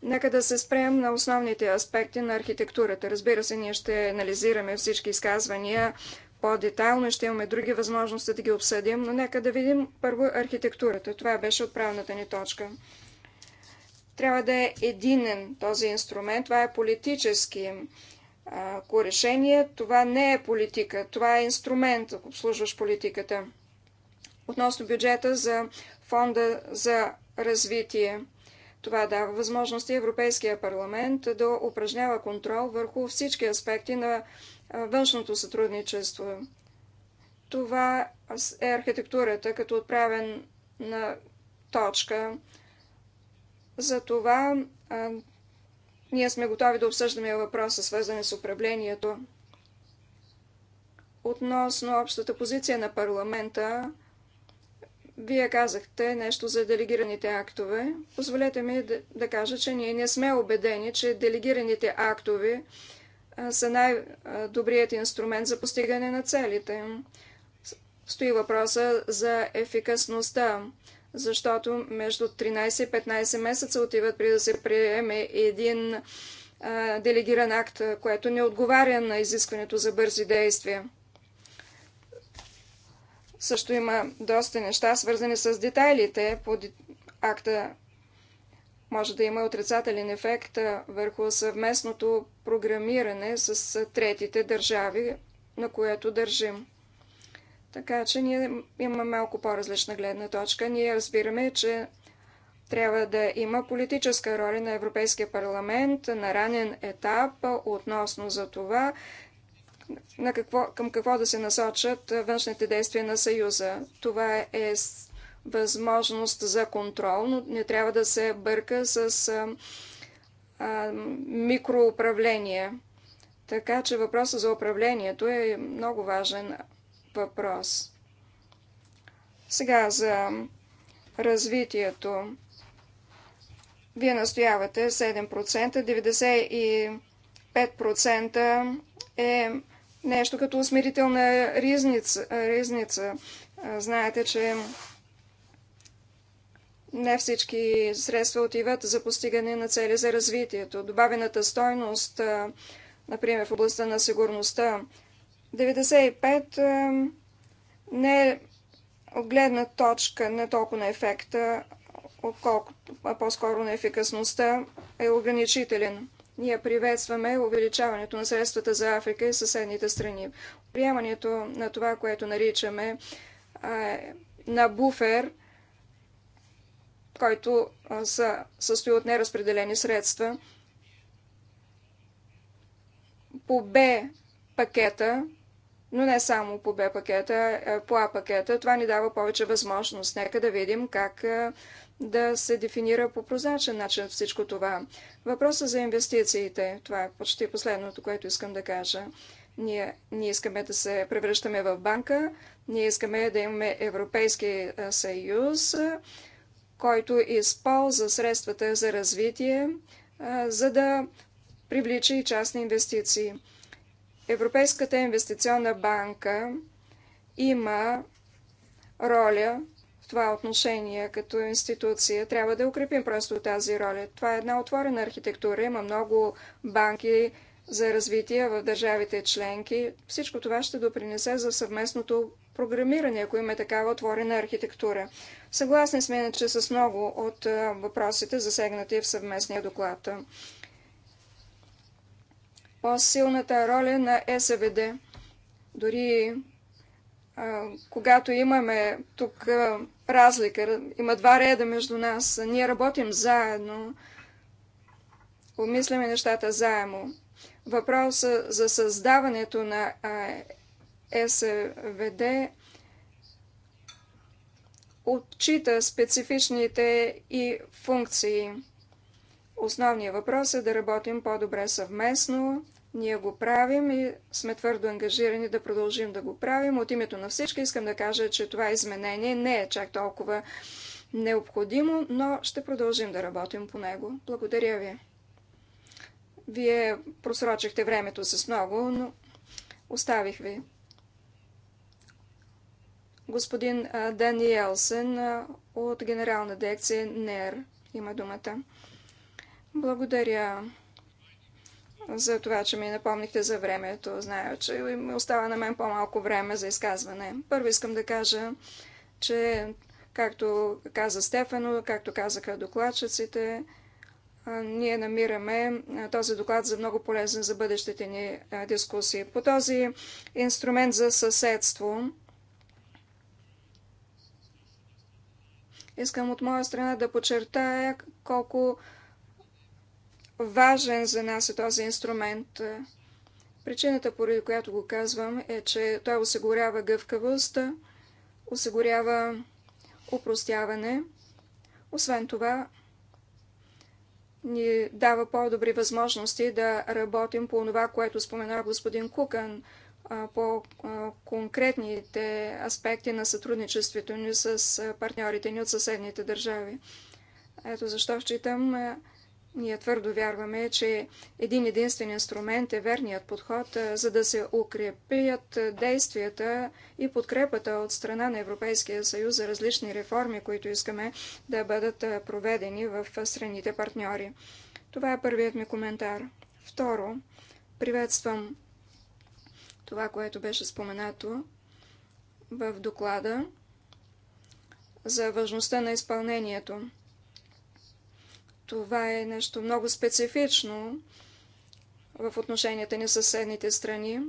Нека да се спрем на основните аспекти на архитектурата. Разбира се, ние ще анализираме всички изказвания по-детайлно и ще имаме други възможности да ги обсъдим, но нека да видим първо архитектурата. Това беше отправната ни точка. Трябва да е единен този инструмент. Това е политически ако решение, това не е политика, това е инструмент, ако обслужваш политиката. Относно бюджета за фонда за развитие. Това дава възможности Европейския парламент да упражнява контрол върху всички аспекти на външното сътрудничество. Това е архитектурата като отправен на точка. За това ние сме готови да обсъждаме въпроса, свързани с управлението. Относно общата позиция на парламента, вие казахте нещо за делегираните актове. Позволете ми да, да кажа, че ние не сме убедени, че делегираните актове са най-добрият инструмент за постигане на целите. Стои въпроса за ефикасността защото между 13 и 15 месеца отиват при да се приеме един а, делегиран акт, което не отговаря на изискването за бързи действия. Също има доста неща, свързани с детайлите по акта. Може да има отрицателен ефект върху съвместното програмиране с третите държави, на което държим. Така че ние имаме малко по-различна гледна точка. Ние разбираме, че трябва да има политическа роля на Европейския парламент на ранен етап относно за това на какво, към какво да се насочат външните действия на Съюза. Това е възможност за контрол, но не трябва да се бърка с а, а, микроуправление. Така че въпросът за управлението е много важен въпрос. Сега за развитието. Вие настоявате 7%, 95% е нещо като усмирителна ризница. ризница. Знаете, че не всички средства отиват за постигане на цели за развитието. Добавената стойност, например в областта на сигурността, 95 не е от гледна точка не толкова на ефекта, а по-скоро на ефикасността е ограничителен. Ние приветстваме увеличаването на средствата за Африка и съседните страни. Приемането на това, което наричаме е на буфер, който са, състои от неразпределени средства, по Б пакета но не само по Б пакета, по А пакета. Това ни дава повече възможност. Нека да видим как да се дефинира по прозрачен начин всичко това. Въпросът за инвестициите, това е почти последното, което искам да кажа. Ние, ние искаме да се превръщаме в банка, ние искаме да имаме Европейски съюз, който използва средствата за развитие, за да привлича и частни инвестиции. Европейската инвестиционна банка има роля в това отношение като институция. Трябва да укрепим просто тази роля. Това е една отворена архитектура. Има много банки за развитие в държавите членки. Всичко това ще допринесе за съвместното програмиране, ако има такава отворена архитектура. Съгласни сме, че с много от въпросите, засегнати в съвместния доклад по-силната роля на СВД. Дори а, когато имаме тук а, разлика, има два реда между нас, ние работим заедно, обмисляме нещата заедно. Въпросът за създаването на а, СВД отчита специфичните и функции – Основният въпрос е да работим по-добре съвместно. Ние го правим и сме твърдо ангажирани да продължим да го правим. От името на всички искам да кажа, че това изменение не е чак толкова необходимо, но ще продължим да работим по него. Благодаря ви. Вие просрочихте времето с много, но оставих ви. Господин Даниелсен от Генерална дирекция НЕР има думата. Благодаря за това, че ми напомнихте за времето. Зная, че ми остава на мен по-малко време за изказване. Първо искам да кажа, че както каза Стефано, както казаха докладчиците, ние намираме този доклад за много полезен за бъдещите ни дискусии. По този инструмент за съседство, искам от моя страна да подчертая колко важен за нас е този инструмент. Е, причината, поради която го казвам, е, че той осигурява гъвкавост, осигурява упростяване. Освен това, ни дава по-добри възможности да работим по това, което спомена господин Кукан, по конкретните аспекти на сътрудничеството ни с партньорите ни от съседните държави. Ето защо считам, е, ние твърдо вярваме, че един единствен инструмент е верният подход, за да се укрепят действията и подкрепата от страна на Европейския съюз за различни реформи, които искаме да бъдат проведени в страните партньори. Това е първият ми коментар. Второ, приветствам това, което беше споменато в доклада за важността на изпълнението. Това е нещо много специфично в отношенията ни с съседните страни.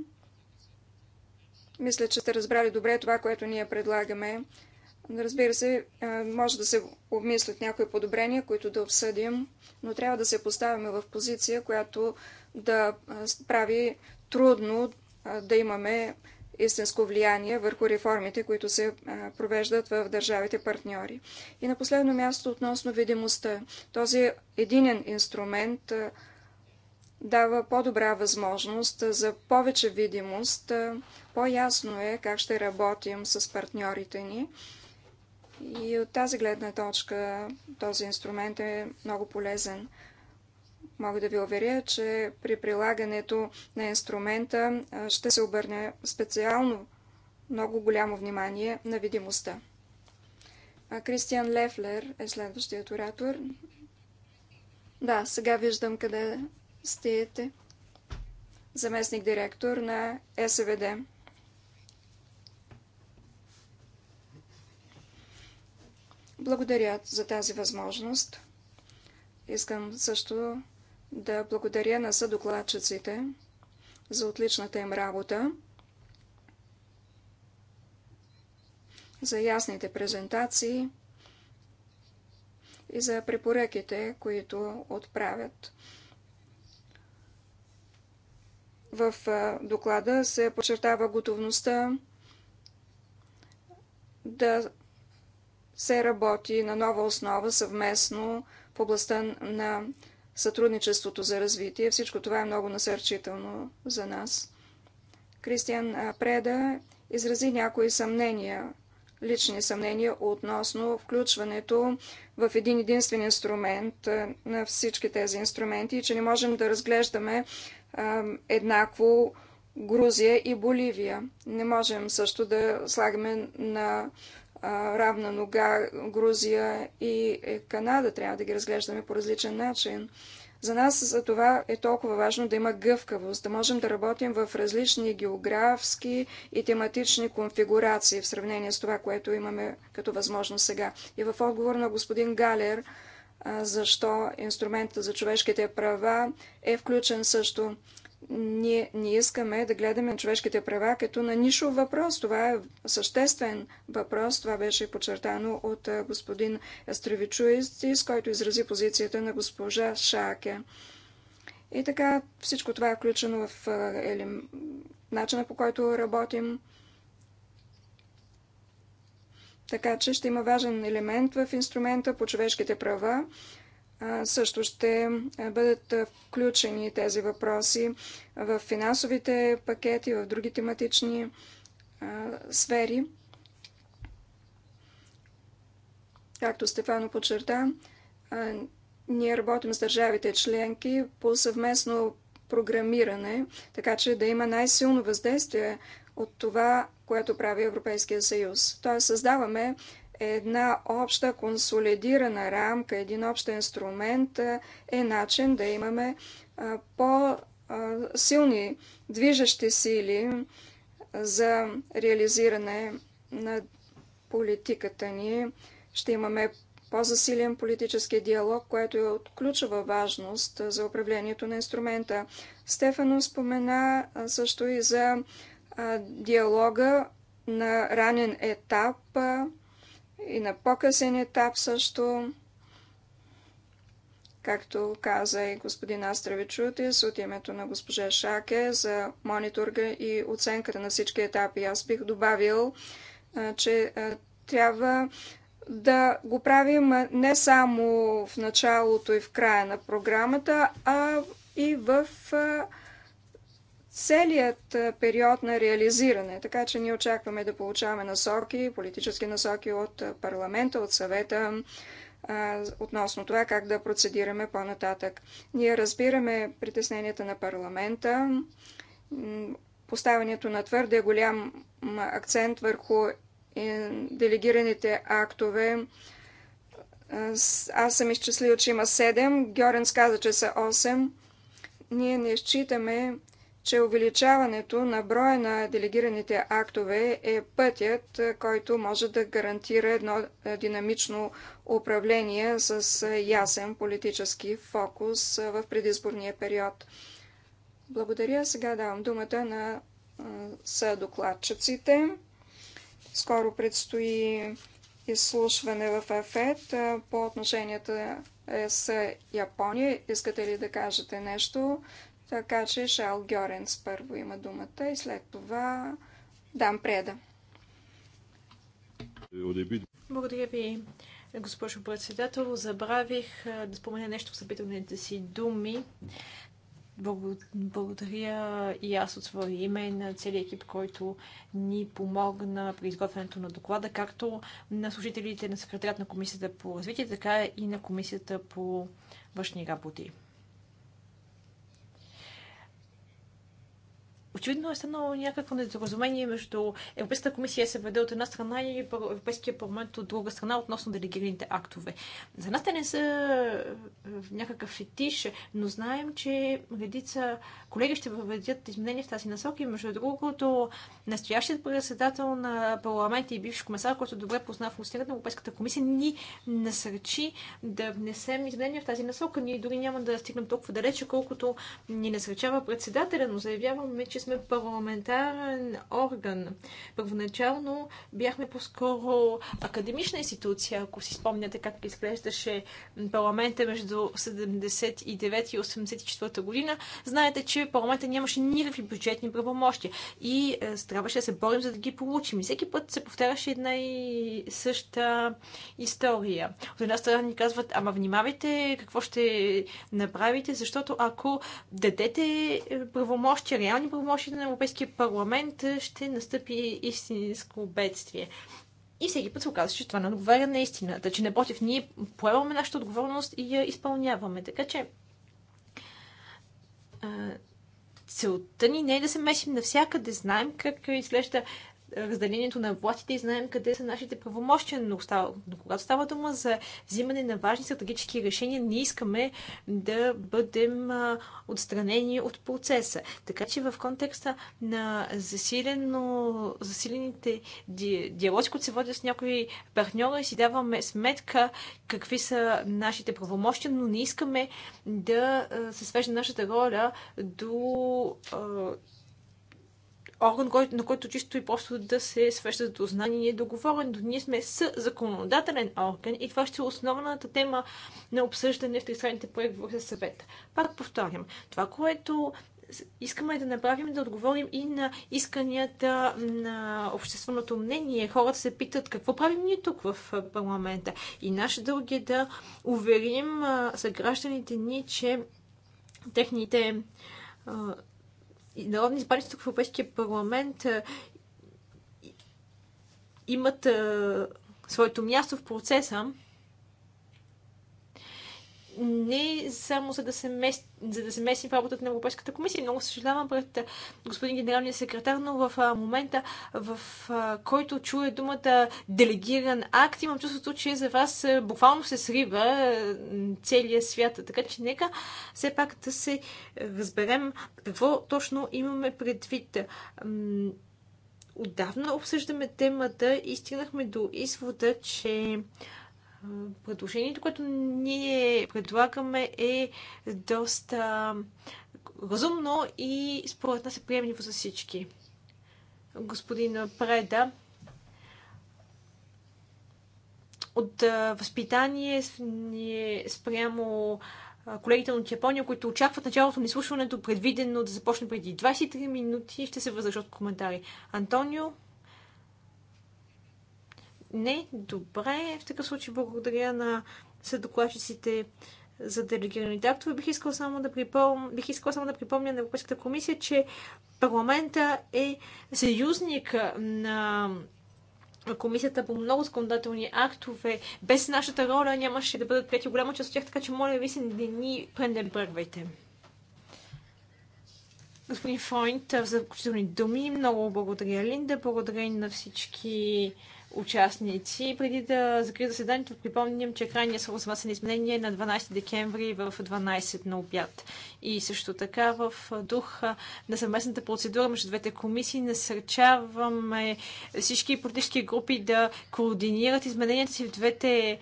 Мисля, че сте разбрали добре това, което ние предлагаме. Разбира се, може да се обмислят някои подобрения, които да обсъдим, но трябва да се поставяме в позиция, която да прави трудно да имаме истинско влияние върху реформите, които се провеждат в държавите партньори. И на последно място относно видимостта. Този единен инструмент дава по-добра възможност за повече видимост. По-ясно е как ще работим с партньорите ни. И от тази гледна точка този инструмент е много полезен мога да ви уверя, че при прилагането на инструмента ще се обърне специално много голямо внимание на видимостта. Кристиан Лефлер е следващият оратор. Да, сега виждам къде стоите. Заместник директор на СВД. Благодаря за тази възможност. Искам също да благодаря на съдокладчиците за отличната им работа, за ясните презентации и за препоръките, които отправят. В доклада се подчертава готовността да се работи на нова основа съвместно в областта на сътрудничеството за развитие. Всичко това е много насърчително за нас. Кристиан Преда изрази някои съмнения, лични съмнения относно включването в един единствен инструмент на всички тези инструменти и че не можем да разглеждаме еднакво Грузия и Боливия. Не можем също да слагаме на равна нога Грузия и е, Канада. Трябва да ги разглеждаме по различен начин. За нас за това е толкова важно да има гъвкавост, да можем да работим в различни географски и тематични конфигурации в сравнение с това, което имаме като възможност сега. И в отговор на господин Галер, защо инструментът за човешките права е включен също ние, ние искаме да гледаме човешките права като на нишов въпрос. Това е съществен въпрос. Това беше подчертано от господин с който изрази позицията на госпожа Шаке. И така всичко това е включено в или, начина по който работим. Така че ще има важен елемент в инструмента по човешките права, също ще бъдат включени тези въпроси в финансовите пакети, в други тематични сфери. Както Стефано подчерта, ние работим с държавите членки по съвместно програмиране, така че да има най-силно въздействие от това, което прави Европейския съюз. Тоест създаваме една обща консолидирана рамка, един общ инструмент е начин да имаме по-силни движещи сили за реализиране на политиката ни. Ще имаме по-засилен политически диалог, което е от ключова важност за управлението на инструмента. Стефано спомена също и за диалога на ранен етап и на по-късен етап също, както каза и господин Астравичутис от името на госпожа Шаке за мониторга и оценката на всички етапи. Аз бих добавил, че трябва да го правим не само в началото и в края на програмата, а и в целият период на реализиране. Така че ние очакваме да получаваме насоки, политически насоки от парламента, от съвета, относно това как да процедираме по-нататък. Ние разбираме притесненията на парламента, поставянето на твърде голям акцент върху е, делегираните актове. Аз съм изчислил, че има 7, Гьоренс каза, че са 8. Ние не считаме, че увеличаването на броя на делегираните актове е пътят, е, който може да гарантира едно е, динамично управление с е, ясен политически фокус в предизборния период. Благодаря. Сега давам думата на съдокладчиците. Скоро предстои изслушване в ЕФЕД по отношенията с Япония. Искате ли да кажете нещо? Така че Шал Гьоренс първо има думата и след това дам преда. Благодаря ви, госпожо председател. Забравих да спомена нещо в събителните си думи. Благодаря и аз от своя име на целият екип, който ни помогна при изготвянето на доклада, както на служителите на секретарят на Комисията по развитие, така и на Комисията по външни работи. Очевидно е станало някакво недоразумение между Европейската комисия СВД от една страна и Европейския парламент от друга страна относно делегираните актове. За нас те не са е, някакъв фетиш, но знаем, че редица колеги ще въведят изменения в тази насока и между другото настоящият председател на парламента и бивш комисар, който добре позна функционирането на Европейската комисия, ни насърчи да внесем изменения в тази насока. Ние дори няма да стигнем толкова далече, колкото ни насърчава председателя, но заявяваме, че сме сме парламентарен орган. Първоначално бяхме по-скоро академична институция, ако си спомняте как изглеждаше парламента между 79 и 84 година. Знаете, че парламента нямаше никакви бюджетни правомощи и е, трябваше да се борим за да ги получим. И всеки път се повтаряше една и съща история. От една страна ни казват, ама внимавайте какво ще направите, защото ако дадете е, правомощи, реални правомощи, решение на Европейския парламент е, ще настъпи истинско бедствие. И всеки път се оказва, че това не отговаря на истината, че напротив, ние поемаме нашата отговорност и я изпълняваме. Така че целта ни не е да се месим навсякъде. Знаем как изглежда разделението на властите и знаем къде са нашите правомощия, но, става, но когато става дума за взимане на важни стратегически решения, не искаме да бъдем отстранени от процеса. Така че в контекста на засилено, засилените ди, диалози, които се водят с някои партньори, си даваме сметка какви са нашите правомощия, но не искаме да се свежда нашата роля до орган, на който чисто и просто да се свеща до знание е договорен. До ние сме с законодателен орган и това ще е основната тема на обсъждане в тристранните преговори за съвета. Пак повторям, това, което искаме да направим е да отговорим и на исканията на общественото мнение. Хората се питат какво правим ние тук в парламента. И наш дълг е да уверим съгражданите ни, че техните народни избраници тук в Европейския парламент имат своето място в процеса не само за да се, мест, за да се местим в работата на Европейската комисия. Много съжалявам пред господин генералния секретар, но в момента, в който чуя думата делегиран акт, имам чувството, че за вас буквално се срива целия свят. Така че нека все пак да се разберем какво точно имаме предвид отдавна обсъждаме темата и стигнахме до извода, че Предложението, което ние предлагаме е доста разумно и според нас е приемливо за всички. Господин Преда, от възпитание спрямо колегите от Япония, които очакват началото на изслушването, предвидено да започне преди 23 минути, ще се въздържат коментари. Антонио, не, добре. В такъв случай благодаря на съдокладчиците за делегираните актове. Бих искал само да припомня, бих искала само да припомня на Европейската комисия, че парламента е съюзник на комисията по много законодателни актове. Без нашата роля нямаше да бъдат прияти голяма част от тях, така че моля ви се не ни пренебръгвайте. Господин Фойнт, в заключителни думи, много благодаря Линда, благодаря и на всички участници. Преди да закрия заседанието, припомням, че крайният срок за внасяне изменение е на 12 декември в 12 на обяд. И също така в дух на съвместната процедура между двете комисии насърчаваме всички политически групи да координират измененията си в двете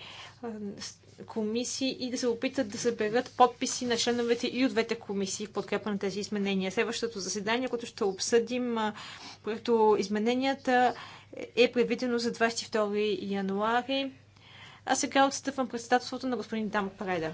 комисии и да се опитат да съберат подписи на членовете и от двете комисии в подкрепа на тези изменения. Следващото заседание, което ще обсъдим проекто измененията, е предвидено за 22 януари. А сега отстъпвам председателството на господин Дам Преда.